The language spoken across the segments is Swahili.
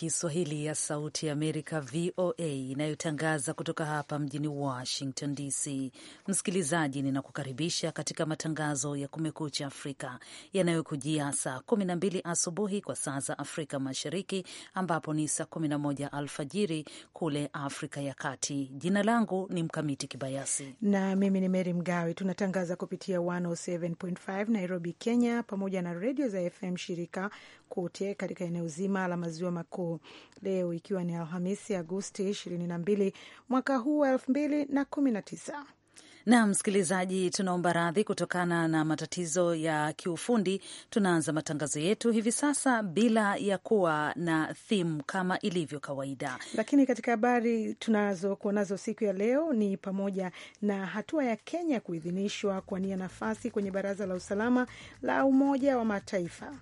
Kiswahili ya Sauti ya Amerika, VOA, inayotangaza kutoka hapa mjini Washington DC. Msikilizaji, ninakukaribisha katika matangazo ya Kumekucha Afrika yanayokujia saa 12 asubuhi kwa saa za Afrika Mashariki, ambapo ni saa 11 alfajiri kule Afrika ya Kati. Jina langu ni Mkamiti Kibayasi na mimi ni Meri Mgawe. Tunatangaza kupitia 107.5 Nairobi, Kenya, pamoja na redio za FM shirika kote katika eneo zima la maziwa makuu huu leo, ikiwa ni Alhamisi Agosti 22 mwaka huu wa 2019. Na msikilizaji, tunaomba radhi kutokana na matatizo ya kiufundi. Tunaanza matangazo yetu hivi sasa bila ya kuwa na thimu kama ilivyo kawaida, lakini katika habari tunazokuwa nazo siku ya leo ni pamoja na hatua ya Kenya kuidhinishwa kuwania nafasi kwenye Baraza la Usalama la Umoja wa Mataifa.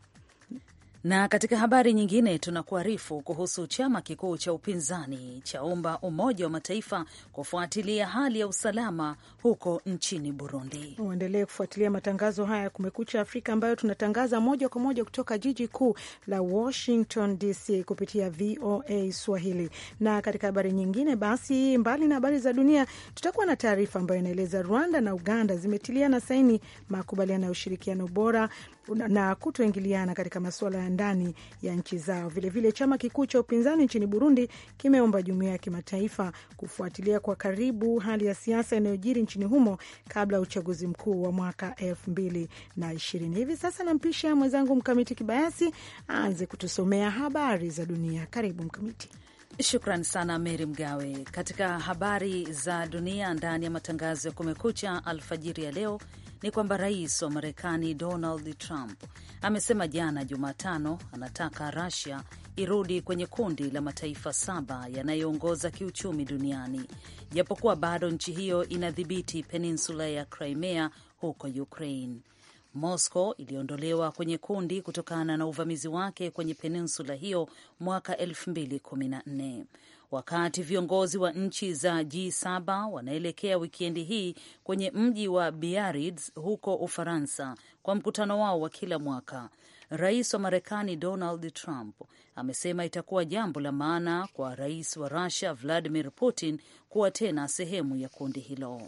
Na katika habari nyingine tunakuarifu kuhusu chama kikuu cha upinzani chaomba Umoja wa Mataifa kufuatilia hali ya usalama huko nchini Burundi. Uendelee kufuatilia matangazo haya ya Kumekucha Afrika ambayo tunatangaza moja kwa moja kutoka jiji kuu la Washington DC kupitia VOA Swahili. Na katika habari nyingine basi, mbali na habari za dunia, tutakuwa na taarifa ambayo inaeleza Rwanda na Uganda zimetiliana saini makubaliano ya ushirikiano bora na kutoingiliana katika masuala ya ndani ya nchi zao. Vilevile, chama kikuu cha upinzani nchini Burundi kimeomba jumuiya ya kimataifa kufuatilia kwa karibu hali ya siasa inayojiri nchini humo kabla ya uchaguzi mkuu wa mwaka elfu mbili na ishirini. Hivi sasa nampisha mwenzangu Mkamiti Kibayasi aanze kutusomea habari za dunia. Karibu Mkamiti. Shukran sana mery Mgawe. Katika habari za dunia ndani ya matangazo ya Kumekucha alfajiri ya leo ni kwamba rais wa Marekani Donald Trump amesema jana Jumatano anataka rasia irudi kwenye kundi la mataifa saba yanayoongoza kiuchumi duniani, japokuwa bado nchi hiyo inadhibiti peninsula ya Crimea huko Ukraine. Moscow iliondolewa kwenye kundi kutokana na uvamizi wake kwenye peninsula hiyo mwaka 2014. Wakati viongozi wa nchi za G7 wanaelekea wikendi hii kwenye mji wa Biarritz huko Ufaransa kwa mkutano wao wa kila mwaka, rais wa Marekani Donald Trump amesema itakuwa jambo la maana kwa rais wa Rusia Vladimir Putin kuwa tena sehemu ya kundi hilo.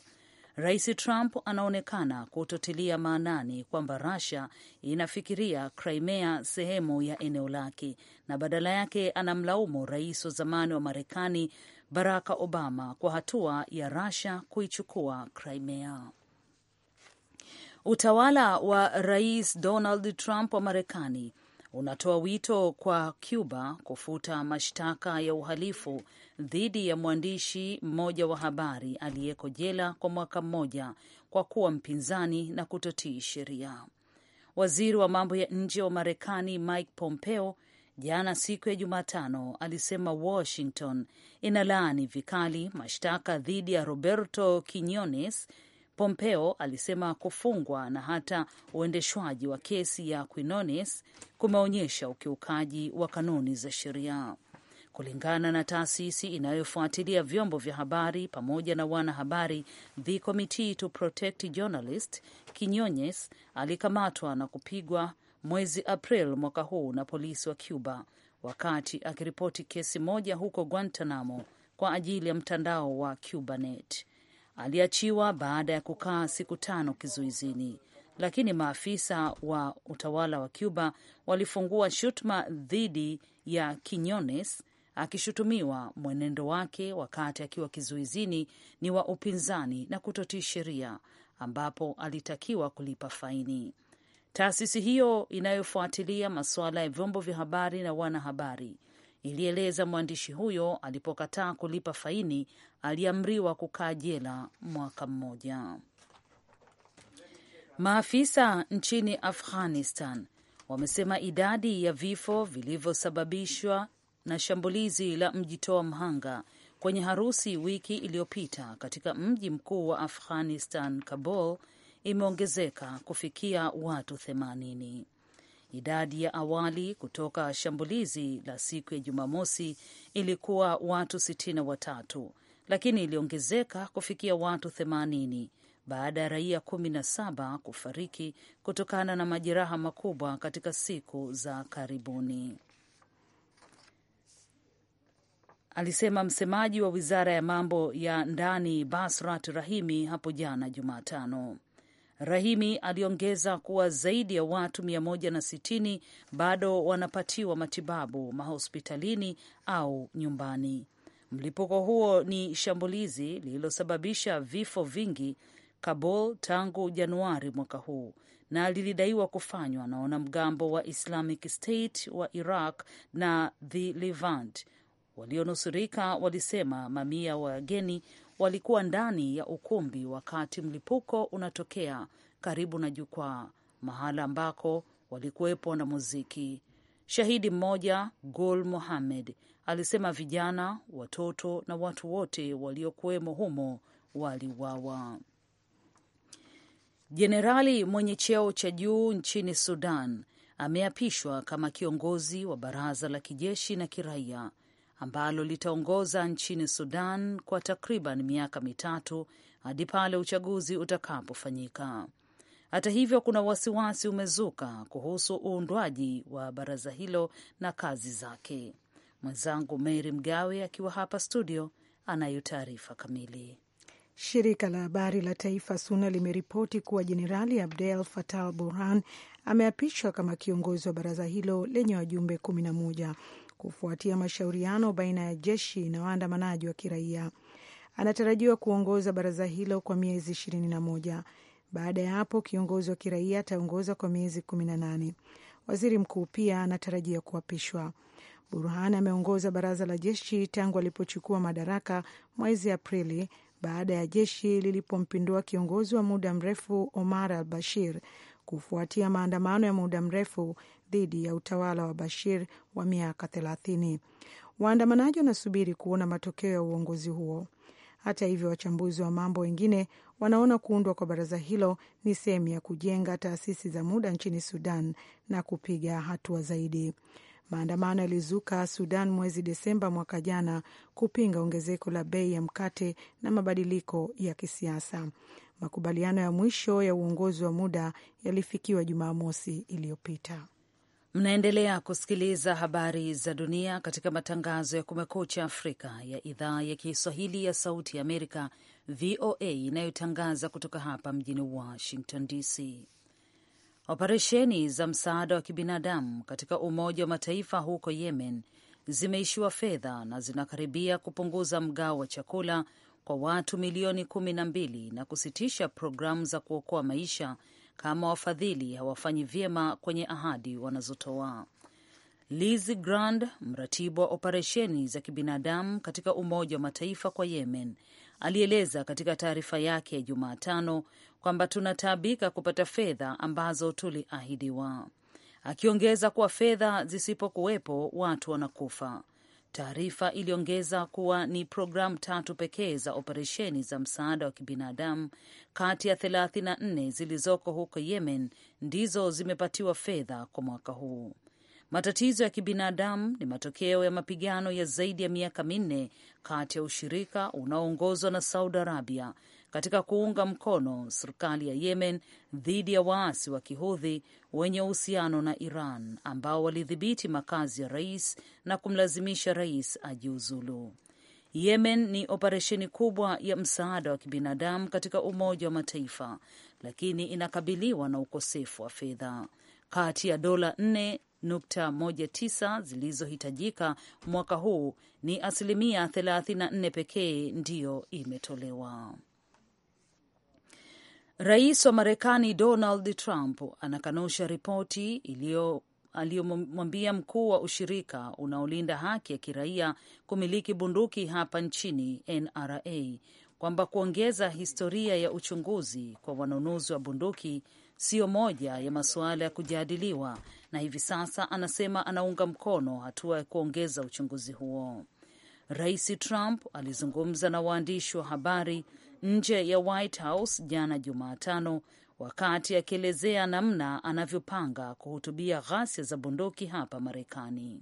Rais Trump anaonekana kutotilia maanani kwamba Russia inafikiria Crimea sehemu ya eneo lake na badala yake anamlaumu rais wa zamani wa Marekani Barack Obama kwa hatua ya Russia kuichukua Crimea. Utawala wa Rais Donald Trump wa Marekani unatoa wito kwa Cuba kufuta mashtaka ya uhalifu dhidi ya mwandishi mmoja wa habari aliyeko jela kwa mwaka mmoja kwa kuwa mpinzani na kutotii sheria. Waziri wa mambo ya nje wa Marekani Mike Pompeo jana siku ya Jumatano alisema Washington inalaani vikali mashtaka dhidi ya Roberto Quinones Pompeo alisema kufungwa na hata uendeshwaji wa kesi ya Quinones kumeonyesha ukiukaji wa kanuni za sheria. Kulingana na taasisi inayofuatilia vyombo vya habari pamoja na wanahabari, The Committee to Protect Journalist, Quiñones alikamatwa na kupigwa mwezi April mwaka huu na polisi wa Cuba wakati akiripoti kesi moja huko Guantanamo kwa ajili ya mtandao wa Cubanet. Aliachiwa baada ya kukaa siku tano kizuizini, lakini maafisa wa utawala wa Cuba walifungua shutuma dhidi ya Quinones akishutumiwa mwenendo wake wakati akiwa kizuizini ni wa upinzani na kutotii sheria, ambapo alitakiwa kulipa faini. Taasisi hiyo inayofuatilia masuala ya vyombo vya habari na wanahabari ilieleza mwandishi huyo alipokataa kulipa faini aliamriwa kukaa jela mwaka mmoja. Maafisa nchini Afghanistan wamesema idadi ya vifo vilivyosababishwa na shambulizi la mjitoa mhanga kwenye harusi wiki iliyopita katika mji mkuu wa Afghanistan, Kabul, imeongezeka kufikia watu themanini Idadi ya awali kutoka shambulizi la siku ya Jumamosi ilikuwa watu sitini na watatu lakini iliongezeka kufikia watu 80 baada ya raia 17 kufariki kutokana na majeraha makubwa katika siku za karibuni, alisema msemaji wa wizara ya mambo ya ndani Basrat Rahimi hapo jana Jumatano. Rahimi aliongeza kuwa zaidi ya watu 160 bado wanapatiwa matibabu mahospitalini au nyumbani. Mlipuko huo ni shambulizi lililosababisha vifo vingi Kabul tangu Januari mwaka huu na lilidaiwa kufanywa na wanamgambo wa Islamic State wa Iraq na the Levant. Walionusurika walisema mamia wageni walikuwa ndani ya ukumbi wakati mlipuko unatokea karibu na jukwaa, mahala ambako walikuwepo na muziki. Shahidi mmoja Gul muhamed alisema vijana, watoto na watu wote waliokuwemo humo waliwawa. Jenerali mwenye cheo cha juu nchini Sudan ameapishwa kama kiongozi wa baraza la kijeshi na kiraia ambalo litaongoza nchini Sudan kwa takriban miaka mitatu hadi pale uchaguzi utakapofanyika. Hata hivyo, kuna wasiwasi umezuka kuhusu uundwaji wa baraza hilo na kazi zake. Mwenzangu Mary Mgawe akiwa hapa studio anayo taarifa kamili. Shirika la habari la taifa SUNA limeripoti kuwa Jenerali Abdel Fattah Burhan ameapishwa kama kiongozi wa baraza hilo lenye wajumbe kumi na moja kufuatia mashauriano baina ya jeshi na waandamanaji wa kiraia. Anatarajiwa kuongoza baraza hilo kwa miezi ishirini na moja. Baada ya hapo kiongozi wa kiraia ataongoza kwa miezi kumi na nane. Waziri mkuu pia anatarajia kuapishwa. Burhan ameongoza baraza la jeshi tangu alipochukua madaraka mwezi Aprili baada ya jeshi lilipompindua kiongozi wa muda mrefu Omar al Bashir kufuatia maandamano ya muda mrefu dhidi ya utawala wa Bashir wa miaka thelathini. Waandamanaji wanasubiri kuona matokeo ya uongozi huo. Hata hivyo, wachambuzi wa mambo wengine wanaona kuundwa kwa baraza hilo ni sehemu ya kujenga taasisi za muda nchini Sudan na kupiga hatua zaidi. Maandamano yalizuka Sudan mwezi Desemba mwaka jana kupinga ongezeko la bei ya mkate na mabadiliko ya kisiasa. Makubaliano ya mwisho ya uongozi wa muda yalifikiwa Jumamosi iliyopita. Mnaendelea kusikiliza habari za dunia katika matangazo ya Kumekucha Afrika ya idhaa ya Kiswahili ya Sauti ya Amerika, VOA, inayotangaza kutoka hapa mjini Washington DC. Operesheni za msaada wa kibinadamu katika Umoja wa Mataifa huko Yemen zimeishiwa fedha na zinakaribia kupunguza mgao wa chakula kwa watu milioni kumi na mbili na kusitisha programu za kuokoa maisha kama wafadhili hawafanyi vyema kwenye ahadi wanazotoa. Liz Grand, mratibu wa operesheni za kibinadamu katika Umoja wa Mataifa kwa Yemen, alieleza katika taarifa yake ya Jumatano kwamba tunataabika kupata fedha ambazo tuliahidiwa, akiongeza kuwa fedha zisipokuwepo watu wanakufa. Taarifa iliongeza kuwa ni programu tatu pekee za operesheni za msaada wa kibinadamu kati ya 34 zilizoko huko Yemen ndizo zimepatiwa fedha kwa mwaka huu. Matatizo ya kibinadamu ni matokeo ya mapigano ya zaidi ya miaka minne kati ya ushirika unaoongozwa na Saudi Arabia katika kuunga mkono serikali ya Yemen dhidi ya waasi wa kihudhi wenye uhusiano na Iran ambao walidhibiti makazi ya rais na kumlazimisha rais ajiuzulu. Yemen ni operesheni kubwa ya msaada wa kibinadamu katika Umoja wa Mataifa, lakini inakabiliwa na ukosefu wa fedha kati ya dola 419 zilizohitajika mwaka huu ni asilimia 34 pekee ndiyo imetolewa. Rais wa Marekani Donald Trump anakanusha ripoti iliyo aliyomwambia mkuu wa ushirika unaolinda haki ya kiraia kumiliki bunduki hapa nchini NRA kwamba kuongeza historia ya uchunguzi kwa wanunuzi wa bunduki siyo moja ya masuala ya kujadiliwa, na hivi sasa anasema anaunga mkono hatua ya kuongeza uchunguzi huo. Rais Trump alizungumza na waandishi wa habari nje ya White House jana Jumatano wakati akielezea namna anavyopanga kuhutubia ghasia za bunduki hapa Marekani.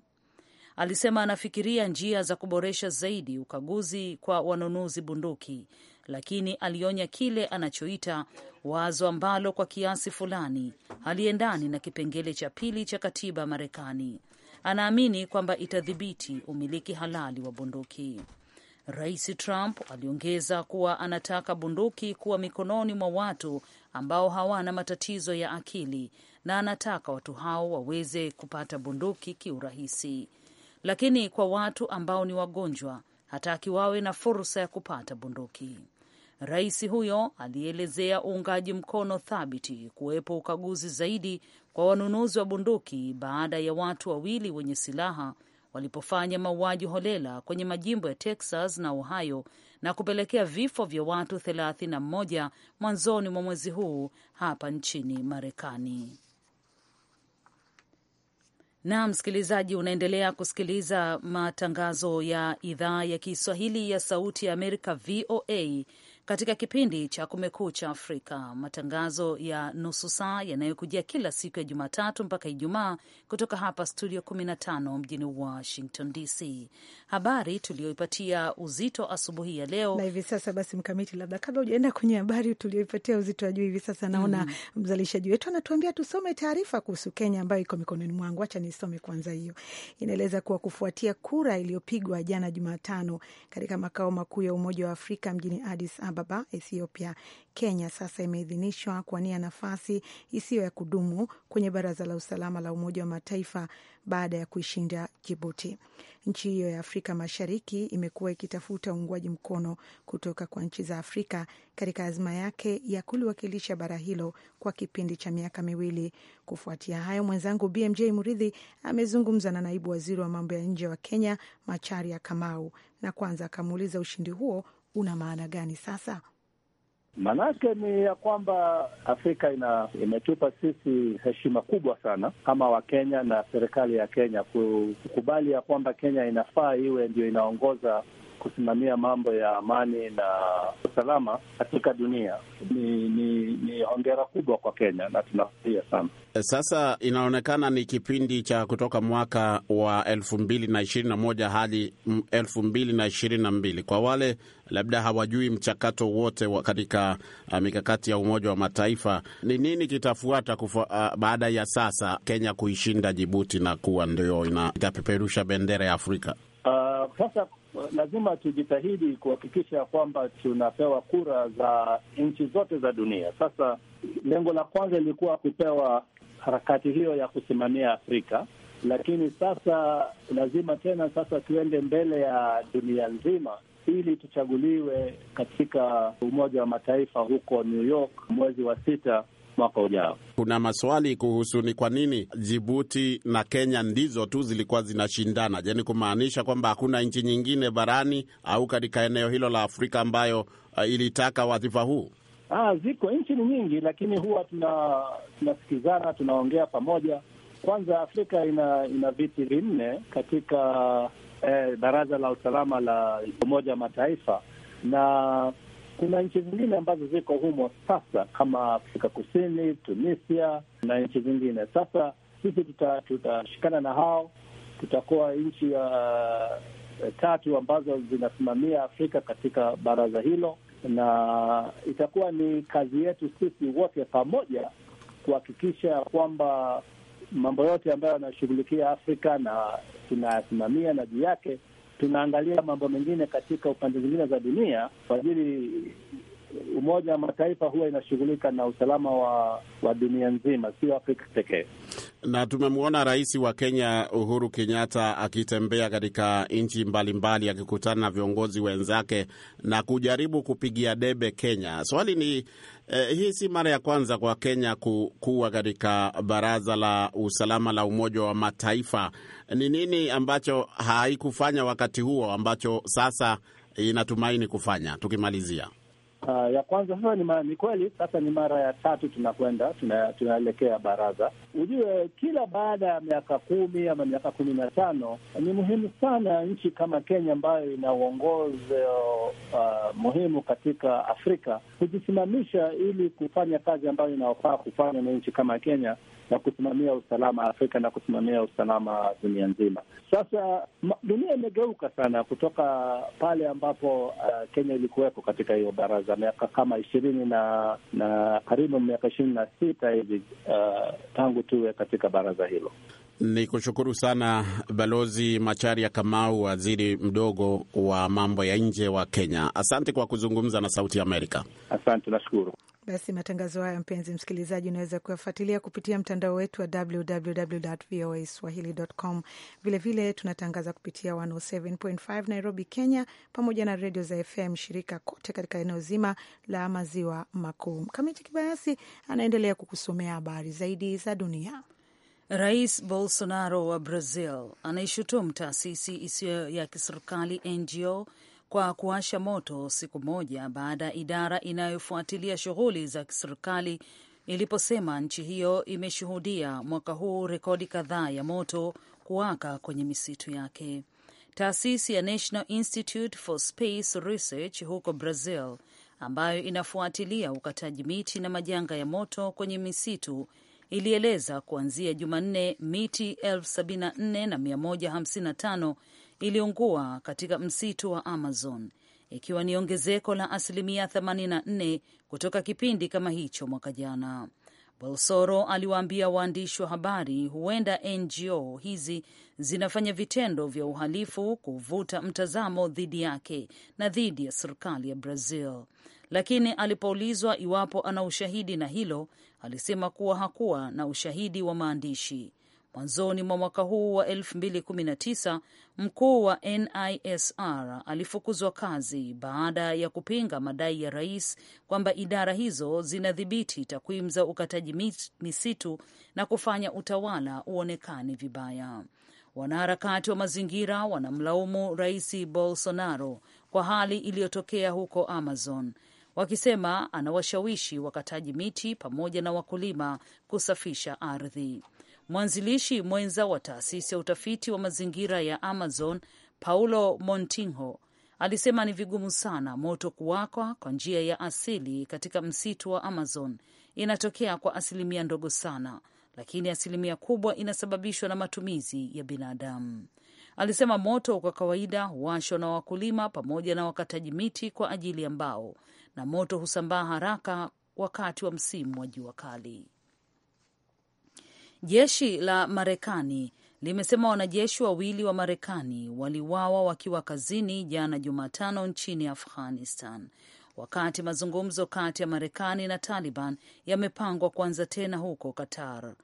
Alisema anafikiria njia za kuboresha zaidi ukaguzi kwa wanunuzi bunduki, lakini alionya kile anachoita wazo ambalo kwa kiasi fulani haliendani na kipengele cha pili cha katiba Marekani. Anaamini kwamba itadhibiti umiliki halali wa bunduki. Rais Trump aliongeza kuwa anataka bunduki kuwa mikononi mwa watu ambao hawana matatizo ya akili na anataka watu hao waweze kupata bunduki kiurahisi, lakini kwa watu ambao ni wagonjwa hataki wawe na fursa ya kupata bunduki. Rais huyo alielezea uungaji mkono thabiti kuwepo ukaguzi zaidi kwa wanunuzi wa bunduki baada ya watu wawili wenye silaha walipofanya mauaji holela kwenye majimbo ya Texas na Ohio na kupelekea vifo vya watu 31 mwanzoni mwa mwezi huu hapa nchini Marekani. Na msikilizaji, unaendelea kusikiliza matangazo ya idhaa ya Kiswahili ya Sauti ya Amerika, VOA, katika kipindi cha Kumekucha Afrika, matangazo ya nusu saa yanayokujia kila siku ya Jumatatu mpaka Ijumaa kutoka hapa studio 15 mjini Washington DC. Habari tuliyoipatia uzito asubuhi ya leo na hivi sasa, basi Mkamiti, labda kabla ujaenda kwenye habari tuliyoipatia uzito wa juu hivi sasa, naona mm, mzalishaji wetu anatuambia tusome taarifa kuhusu Kenya ambayo iko mikononi mwangu. Acha nisome kwanza hiyo. Inaeleza kuwa kufuatia kura iliyopigwa jana Jumatano katika makao makuu ya Umoja wa Afrika mjini Addis Ababa Ababa, Ethiopia. Kenya sasa imeidhinishwa kuwania nafasi isiyo ya kudumu kwenye Baraza la Usalama la Umoja wa Mataifa baada ya kuishinda Jibuti. Nchi hiyo ya Afrika Mashariki imekuwa ikitafuta uungwaji mkono kutoka kwa nchi za Afrika katika azma yake ya kuliwakilisha bara hilo kwa kipindi cha miaka miwili. Kufuatia hayo, mwenzangu BMJ Muridhi amezungumza na naibu waziri wa mambo ya nje wa Kenya, Macharia Kamau, na kwanza akamuuliza ushindi huo una maana gani sasa? Maanake ni ya kwamba Afrika ina, imetupa sisi heshima kubwa sana kama Wakenya na serikali ya Kenya kukubali ya kwamba Kenya inafaa iwe ndio inaongoza kusimamia mambo ya amani na usalama katika dunia ni, ni, ni hongera kubwa kwa Kenya na tunafurahia sana. Sasa inaonekana ni kipindi cha kutoka mwaka wa elfu mbili na ishirini na moja hadi elfu mbili na ishirini na mbili kwa wale labda hawajui mchakato wote katika uh, mikakati ya Umoja wa Mataifa, ni nini kitafuata kufa, uh, baada ya sasa Kenya kuishinda Jibuti na kuwa ndio itapeperusha bendera ya Afrika? Uh, sasa lazima tujitahidi kuhakikisha kwamba tunapewa kura za nchi zote za dunia. Sasa lengo la kwanza lilikuwa kupewa harakati hiyo ya kusimamia Afrika, lakini sasa lazima tena sasa tuende mbele ya dunia nzima ili tuchaguliwe katika Umoja wa Mataifa huko New York mwezi wa sita mwaka ujao. Kuna maswali kuhusu ni kwa nini Jibuti na Kenya ndizo tu zilikuwa zinashindana. Je, ni kumaanisha kwamba hakuna nchi nyingine barani au katika eneo hilo la Afrika ambayo uh, ilitaka wadhifa huu? Ah, ziko nchi ni nyingi, lakini huwa tuna tunasikizana, tunaongea pamoja. Kwanza Afrika ina ina viti vinne katika eh, baraza la usalama la Umoja wa Mataifa na kuna nchi zingine ambazo ziko humo sasa kama Afrika Kusini, Tunisia na nchi zingine. Sasa sisi tutashikana tuta na hao, tutakuwa nchi ya uh, tatu ambazo zinasimamia Afrika katika baraza hilo, na itakuwa ni kazi yetu sisi wote pamoja kuhakikisha kwamba mambo yote ambayo yanashughulikia Afrika na tunayasimamia na juu yake tunaangalia mambo mengine katika upande zingine za dunia kwa ajili Umoja wa Mataifa huwa inashughulika na usalama wa, wa dunia nzima, sio Afrika pekee. Na tumemwona rais wa Kenya Uhuru Kenyatta akitembea katika nchi mbalimbali akikutana na viongozi wenzake na kujaribu kupigia debe Kenya. Swali ni eh, hii si mara ya kwanza kwa Kenya kuwa katika baraza la usalama la Umoja wa Mataifa. Ni nini ambacho haikufanya wakati huo ambacho sasa inatumaini kufanya? Tukimalizia uh, ya kwanza sasa ni, ni kweli sasa ni mara ya tatu tunakwenda tunaelekea tuna baraza Ujue kila baada ya miaka kumi ama miaka kumi na tano ni muhimu sana nchi kama Kenya ambayo ina uongozi uh, muhimu katika Afrika kujisimamisha ili kufanya kazi ambayo inaofaa kufanya na nchi kama Kenya na kusimamia usalama Afrika na kusimamia usalama dunia nzima. Sasa dunia imegeuka sana kutoka pale ambapo uh, Kenya ilikuwepo katika hiyo baraza miaka kama ishirini na na karibu miaka ishirini na sita hivi uh, tangu tangu tuwe katika baraza hilo. Ni kushukuru sana Balozi Macharia Kamau, waziri mdogo wa mambo ya nje wa Kenya. Asante kwa kuzungumza na Sauti ya Amerika. Asante, nashukuru. Basi matangazo haya, mpenzi msikilizaji, unaweza kuyafuatilia kupitia mtandao wetu wa swahilicom Vilevile tunatangaza kupitia 107.5 Nairobi, Kenya, pamoja na redio za FM shirika kote katika eneo zima la maziwa makuu. Mkamiti Kibayasi anaendelea kukusomea habari zaidi za dunia. Rais Bolsonaro wa Brazil anaishutumu taasisi isiyo ya kiserikali NGO kwa kuasha moto siku moja baada ya idara inayofuatilia shughuli za serikali iliposema nchi hiyo imeshuhudia mwaka huu rekodi kadhaa ya moto kuwaka kwenye misitu yake. Taasisi ya National Institute for Space Research huko Brazil, ambayo inafuatilia ukataji miti na majanga ya moto kwenye misitu ilieleza kuanzia Jumanne miti 74,155 iliungua katika msitu wa Amazon, ikiwa ni ongezeko la asilimia 84 kutoka kipindi kama hicho mwaka jana. Bolsoro aliwaambia waandishi wa habari huenda NGO hizi zinafanya vitendo vya uhalifu kuvuta mtazamo dhidi yake na dhidi ya serikali ya Brazil, lakini alipoulizwa iwapo ana ushahidi na hilo, alisema kuwa hakuwa na ushahidi wa maandishi. Mwanzoni mwa mwaka huu wa 2019 mkuu wa NISR alifukuzwa kazi baada ya kupinga madai ya rais kwamba idara hizo zinadhibiti takwimu za ukataji misitu na kufanya utawala uonekane vibaya. Wanaharakati wa mazingira wanamlaumu Rais Bolsonaro kwa hali iliyotokea huko Amazon, wakisema anawashawishi wakataji miti pamoja na wakulima kusafisha ardhi. Mwanzilishi mwenza wa taasisi ya utafiti wa mazingira ya Amazon, Paulo Montinho, alisema ni vigumu sana moto kuwakwa kwa njia ya asili katika msitu wa Amazon. Inatokea kwa asilimia ndogo sana, lakini asilimia kubwa inasababishwa na matumizi ya binadamu. Alisema moto kwa kawaida huwashwa na wakulima pamoja na wakataji miti kwa ajili ya mbao, na moto husambaa haraka wakati wa msimu wa jua kali. Jeshi la Marekani limesema wanajeshi wawili wa Marekani waliuawa wakiwa kazini jana Jumatano nchini Afghanistan, wakati mazungumzo kati ya Marekani na Taliban yamepangwa kuanza tena huko Qatar.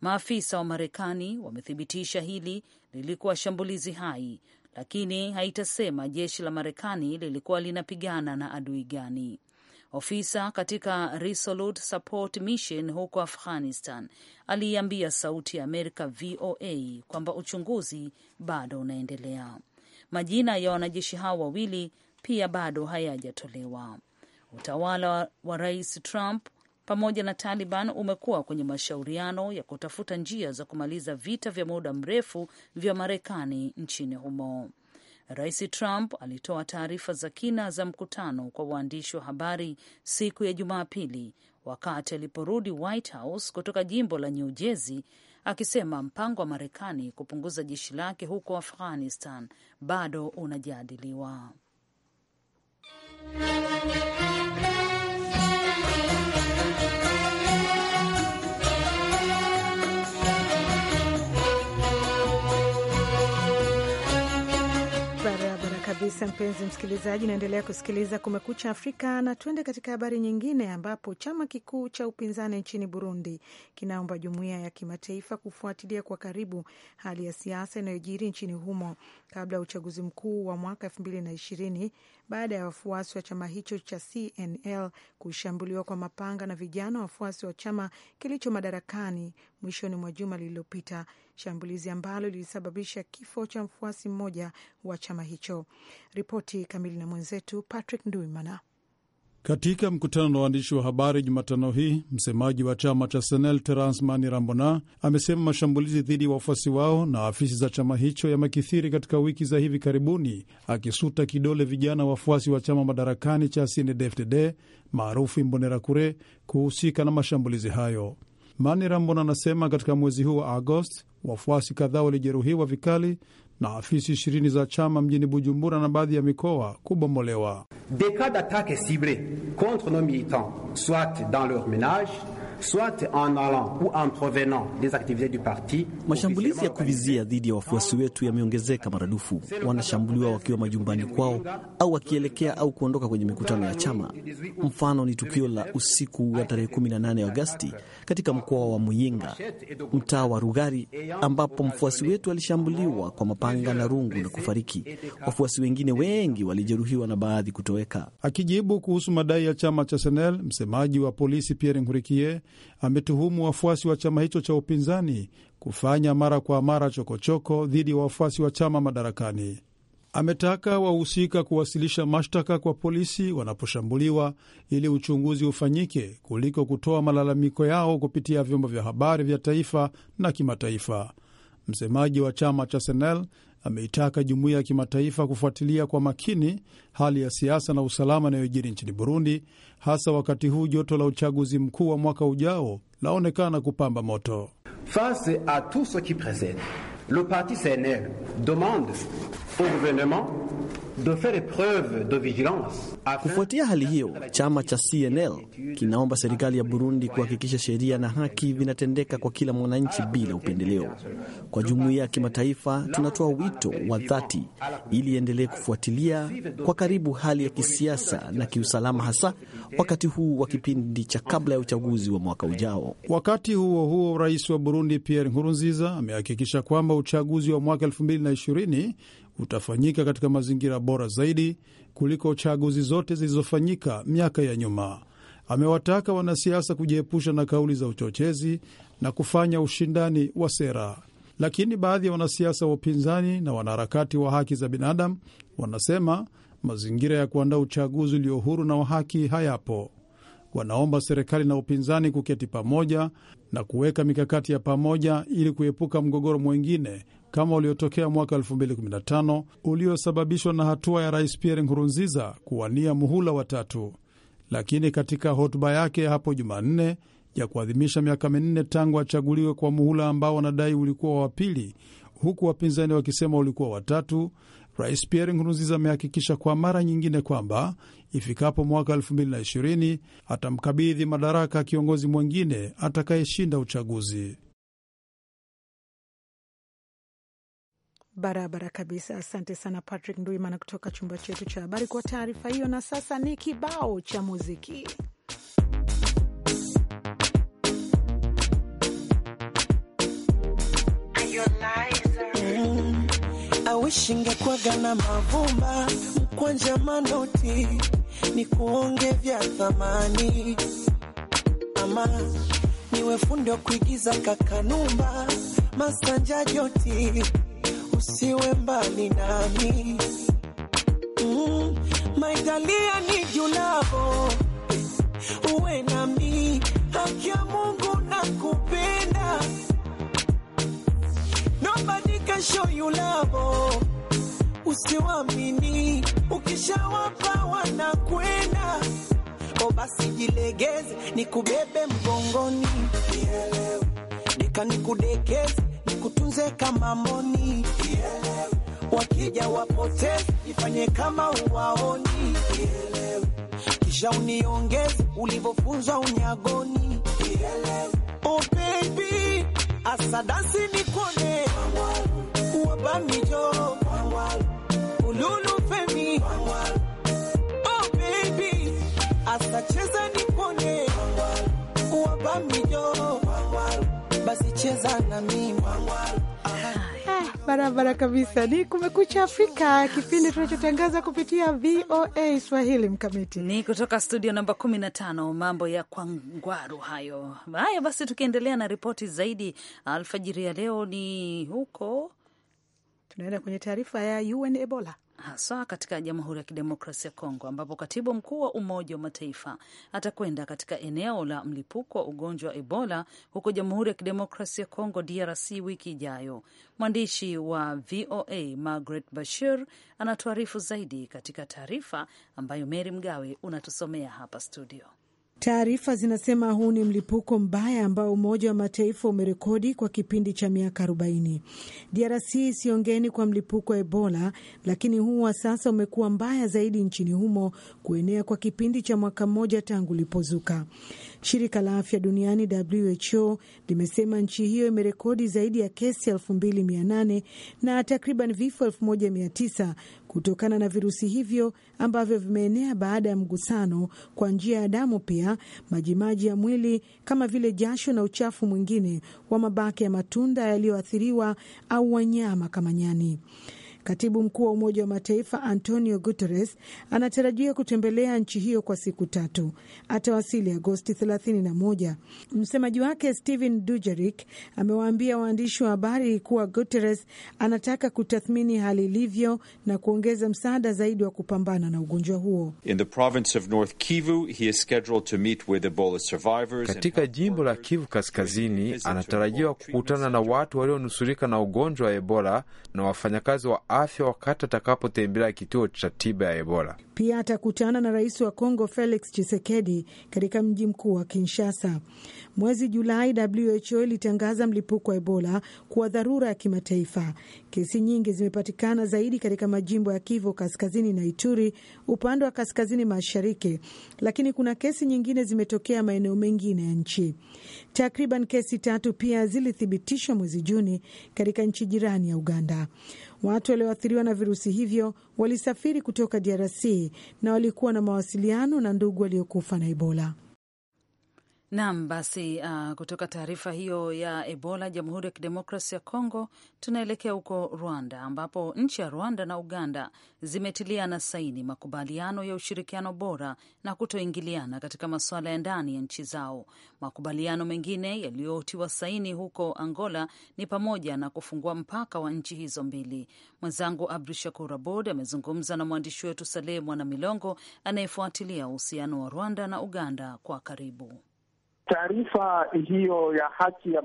Maafisa wa Marekani wamethibitisha hili lilikuwa shambulizi hai, lakini haitasema jeshi la Marekani lilikuwa linapigana na adui gani. Ofisa katika Resolute Support Mission huko Afghanistan aliiambia Sauti ya Amerika VOA kwamba uchunguzi bado unaendelea. Majina ya wanajeshi hao wawili pia bado hayajatolewa. Utawala wa Rais Trump pamoja na Taliban umekuwa kwenye mashauriano ya kutafuta njia za kumaliza vita vya muda mrefu vya Marekani nchini humo. Rais Trump alitoa taarifa za kina za mkutano kwa waandishi wa habari siku ya Jumapili wakati aliporudi White House kutoka jimbo la New Jersey akisema mpango wa Marekani kupunguza jeshi lake huko Afghanistan bado unajadiliwa. kabisa mpenzi msikilizaji, naendelea kusikiliza Kumekucha Afrika na tuende katika habari nyingine, ambapo chama kikuu cha upinzani nchini Burundi kinaomba jumuiya ya kimataifa kufuatilia kwa karibu hali ya siasa inayojiri nchini humo kabla ya uchaguzi mkuu wa mwaka elfu mbili na ishirini baada ya wafuasi wa chama hicho cha CNL kushambuliwa kwa mapanga na vijana wafuasi wa chama kilicho madarakani mwishoni mwa juma lililopita, shambulizi ambalo lilisababisha kifo cha mfuasi mmoja wa chama hicho. Ripoti kamili na mwenzetu Patrick Nduimana. Katika mkutano na waandishi wa habari Jumatano hii, msemaji wa chama cha Senel Terans Mani Rambona amesema mashambulizi dhidi ya wafuasi wao na afisi za chama hicho yamekithiri katika wiki za hivi karibuni, akisuta kidole vijana wafuasi wa chama madarakani cha CNDD-FDD maarufu Imbonerakure kuhusika na mashambulizi hayo. Mani Rambona anasema katika mwezi huu wa Agosti wafuasi kadhaa walijeruhiwa vikali na afisi ishirini za chama mjini Bujumbura na baadhi ya mikoa kubomolewa. des cas d'attaque cible contre nos militants soit dans leur menage soit en allant ou en provenant des activités du parti. Mashambulizi ya kuvizia dhidi ya wafuasi wetu yameongezeka maradufu. Wanashambuliwa wakiwa majumbani kwao au wakielekea au kuondoka kwenye mikutano ya chama. Mfano ni tukio la usiku wa tarehe 18 Agosti katika mkoa wa Muyinga, mtaa wa Rugari, ambapo mfuasi wetu alishambuliwa kwa mapanga na rungu na kufariki. Wafuasi wengine wengi walijeruhiwa na baadhi kutoweka. Akijibu kuhusu madai ya chama cha Senel, msemaji wa polisi Pierre Nkurikie ametuhumu wafuasi wa chama hicho cha upinzani kufanya mara kwa mara chokochoko dhidi ya wafuasi wa chama madarakani. Ametaka wahusika kuwasilisha mashtaka kwa polisi wanaposhambuliwa ili uchunguzi ufanyike kuliko kutoa malalamiko yao kupitia vyombo vya habari vya taifa na kimataifa. Msemaji wa chama cha Senel ameitaka jumuiya ya kimataifa kufuatilia kwa makini hali ya siasa na usalama inayojiri nchini Burundi, hasa wakati huu joto la uchaguzi mkuu wa mwaka ujao laonekana kupamba moto. Face a tout ce qui presente le parti CNR demande au gouvernement de faire preuve de vigilance. Kufuatia hali hiyo, chama cha CNL kinaomba serikali ya Burundi kuhakikisha sheria na haki vinatendeka kwa kila mwananchi bila upendeleo. Kwa jumuiya ya kimataifa, tunatoa wito wa dhati ili iendelee kufuatilia kwa karibu hali ya kisiasa na kiusalama, hasa wakati huu wa kipindi cha kabla ya uchaguzi wa mwaka ujao. Wakati huo huo, rais wa Burundi Pierre Nkurunziza amehakikisha kwamba uchaguzi wa mwaka 2020 utafanyika katika mazingira bora zaidi kuliko chaguzi zote zilizofanyika miaka ya nyuma. Amewataka wanasiasa kujiepusha na kauli za uchochezi na kufanya ushindani wa sera. Lakini baadhi ya wanasiasa wa upinzani na wanaharakati wa haki za binadamu wanasema mazingira ya kuandaa uchaguzi ulio huru na wa haki hayapo wanaomba serikali na upinzani kuketi pamoja na kuweka mikakati ya pamoja ili kuepuka mgogoro mwingine kama uliotokea mwaka 2015 uliosababishwa na hatua ya Rais Pierre Nkurunziza kuwania muhula watatu. Lakini katika hotuba yake hapo Jumanne ya kuadhimisha miaka minne tangu achaguliwe kwa muhula ambao wanadai ulikuwa wa pili, huku wapinzani wakisema ulikuwa watatu, Rais Pierre Nkurunziza amehakikisha kwa mara nyingine kwamba ifikapo mwaka 2020 atamkabidhi madaraka kiongozi mwingine atakayeshinda uchaguzi. Barabara kabisa. Asante sana Patrick Nduimana kutoka chumba chetu cha habari kwa taarifa hiyo, na sasa ni kibao cha muziki. ushingekwaga na mavumba mkwanja manoti ni kuonge vya thamani ama niwe fundi wa kuigiza kakanumba masanja joti usiwe mbali nami mm, ni julavo uwe nami haki Mungu na kupenda But can show you love. Usiwamini, ukishawapa wanakwenda. O, basi jilegeze, nikubebe mgongoni, nika nikudekeze, nikutunze kama moni. wakija wapoteze, ifanye kama uwaoni, kisha uniongeze ulivyofunzwa unyagoni asadansi nikone wabamijo ululu femi oh baby asacheza nikone wabamijo basi cheza na mimi barabara kabisa. Ni Kumekucha Afrika, kipindi tunachotangaza kupitia VOA Swahili. Mkamiti ni kutoka studio namba 15. Mambo ya kwangwaru hayo. Haya basi, tukiendelea na ripoti zaidi alfajiri ya leo, ni huko tunaenda kwenye taarifa ya UN Ebola haswa katika Jamhuri ya Kidemokrasia ya Kongo, ambapo katibu mkuu wa Umoja wa Mataifa atakwenda katika eneo la mlipuko wa ugonjwa wa Ebola huko Jamhuri ya Kidemokrasia ya Kongo, DRC, wiki ijayo. Mwandishi wa VOA Margaret Bashir anatuarifu zaidi katika taarifa ambayo Mary Mgawe unatusomea hapa studio. Taarifa zinasema huu ni mlipuko mbaya ambao Umoja wa Mataifa umerekodi kwa kipindi cha miaka 40. DRC isiongeni kwa mlipuko wa Ebola, lakini huu wa sasa umekuwa mbaya zaidi nchini humo, kuenea kwa kipindi cha mwaka mmoja tangu ulipozuka. Shirika la afya duniani WHO limesema nchi hiyo imerekodi zaidi ya kesi 2800 na takriban vifo 1900 kutokana na virusi hivyo ambavyo vimeenea baada ya mgusano kwa njia ya damu, pia majimaji ya mwili kama vile jasho na uchafu mwingine wa mabaki ya matunda yaliyoathiriwa au wanyama kama nyani. Katibu mkuu wa Umoja wa Mataifa Antonio Guterres anatarajia kutembelea nchi hiyo kwa siku tatu. Atawasili Agosti 31. Msemaji wake Stephen Dujerik amewaambia waandishi wa habari kuwa Guterres anataka kutathmini hali ilivyo na kuongeza msaada zaidi wa kupambana na ugonjwa huo. In the province of North Kivu, he is scheduled to meet with Ebola survivors. Katika jimbo la Kivu Kaskazini anatarajiwa kukutana na watu walionusurika na ugonjwa wa Ebola na wafanyakazi wa afya wakati atakapotembelea kituo cha tiba ya Ebola. Pia atakutana na rais wa Kongo Felix Tshisekedi katika mji mkuu wa Kinshasa. Mwezi Julai, WHO ilitangaza mlipuko wa Ebola kuwa dharura ya kimataifa. Kesi nyingi zimepatikana zaidi katika majimbo ya Kivu Kaskazini na Ituri upande wa kaskazini mashariki, lakini kuna kesi nyingine zimetokea maeneo mengine ya nchi. Takriban kesi tatu pia zilithibitishwa mwezi Juni katika nchi jirani ya Uganda. Watu walioathiriwa na virusi hivyo walisafiri kutoka DRC na walikuwa na mawasiliano na ndugu waliokufa na Ebola. Naam, basi uh, kutoka taarifa hiyo ya Ebola Jamhuri ya Kidemokrasi ya Kongo tunaelekea huko Rwanda, ambapo nchi ya Rwanda na Uganda zimetiliana saini makubaliano ya ushirikiano bora na kutoingiliana katika masuala ya ndani ya nchi zao. Makubaliano mengine yaliyotiwa saini huko Angola ni pamoja na kufungua mpaka wa nchi hizo mbili. Mwenzangu Abdu Shakur Abod amezungumza na mwandishi wetu Salehe Mwana Milongo anayefuatilia uhusiano wa Rwanda na Uganda kwa karibu. Taarifa hiyo ya haki ya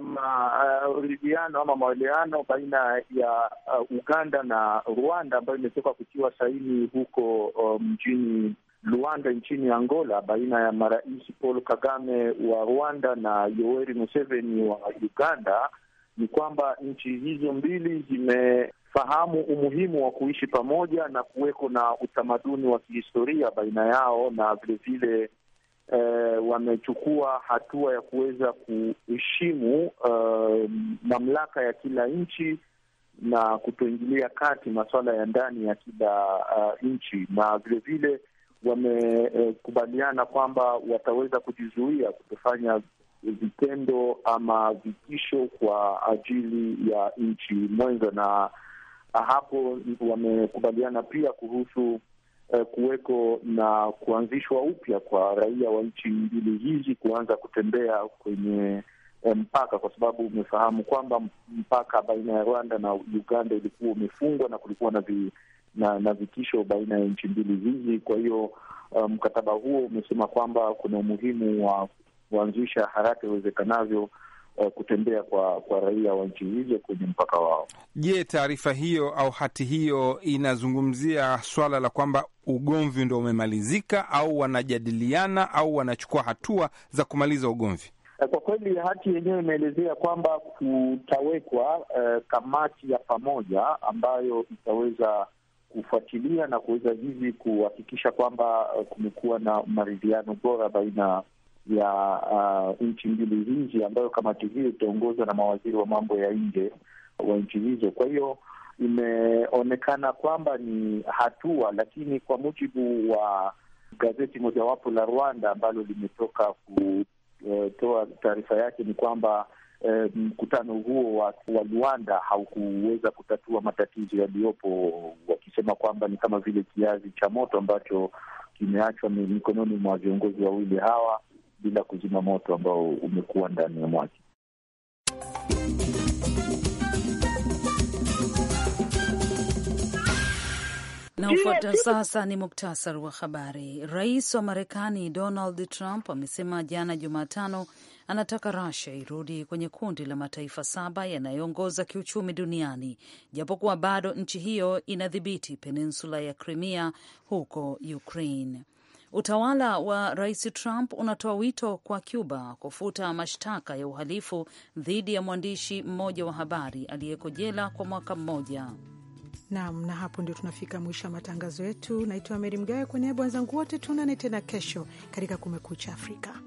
maridhiano uh, ama maelewano baina ya uh, Uganda na Rwanda ambayo imetoka kutiwa saini huko uh, mjini um, Luanda nchini Angola baina ya marais Paul Kagame wa Rwanda na Yoweri Museveni wa Uganda ni kwamba nchi hizo mbili zimefahamu umuhimu wa kuishi pamoja na kuweko na utamaduni wa kihistoria baina yao na vilevile e, wamechukua hatua ya kuweza kuheshimu e, mamlaka ya kila nchi na kutoingilia kati masuala ya ndani ya kila uh, nchi na vilevile wamekubaliana eh, kwamba wataweza kujizuia kutofanya vitendo ama vitisho kwa ajili ya nchi mwenza, na hapo wamekubaliana pia kuhusu Eh, kuweko na kuanzishwa upya kwa raia wa nchi mbili hizi kuanza kutembea kwenye eh, mpaka, kwa sababu umefahamu kwamba mpaka baina ya Rwanda na Uganda ilikuwa umefungwa na kulikuwa na vi, na, na vitisho baina ya nchi mbili hizi. Kwa hiyo eh, mkataba um, huo umesema kwamba kuna umuhimu wa kuanzisha haraka iwezekanavyo uh, kutembea kwa kwa raia wa nchi hizo kwenye mpaka wao. Je, taarifa hiyo au hati hiyo inazungumzia swala la kwamba ugomvi ndo umemalizika au wanajadiliana au wanachukua hatua za kumaliza ugomvi? Eh, kwa kweli hati yenyewe imeelezea kwamba kutawekwa uh, kamati ya pamoja ambayo itaweza kufuatilia na kuweza hivi kuhakikisha kwamba kumekuwa na maridhiano bora baina ya uh, nchi mbili hizi ambayo kamati hiyo itaongozwa na mawaziri wa mambo ya nje wa nchi hizo. Kwa hiyo imeonekana kwamba ni hatua, lakini kwa mujibu wa gazeti mojawapo la Rwanda ambalo limetoka kutoa eh, taarifa yake ni kwamba eh, mkutano um, huo wa, wa Luanda haukuweza kutatua matatizo yaliyopo, wakisema kwamba ni kama vile kiazi cha moto ambacho kimeachwa mikononi mwa viongozi wawili hawa bila kuzima moto ambao umekuwa ndani ya mwake. Na ufuata sasa ni muktasari wa habari. Rais wa Marekani Donald Trump amesema jana Jumatano anataka Russia irudi kwenye kundi la mataifa saba yanayoongoza kiuchumi duniani japokuwa bado nchi hiyo inadhibiti peninsula ya Crimea huko Ukraine. Utawala wa Rais Trump unatoa wito kwa Cuba kufuta mashtaka ya uhalifu dhidi ya mwandishi mmoja wa habari aliyeko jela kwa mwaka mmoja. Nam, na hapo ndio tunafika mwisho wa matangazo yetu. Naitwa Meri Mgawe, kwa niaba wenzangu wote, tuonane tena kesho katika Kumekucha Afrika.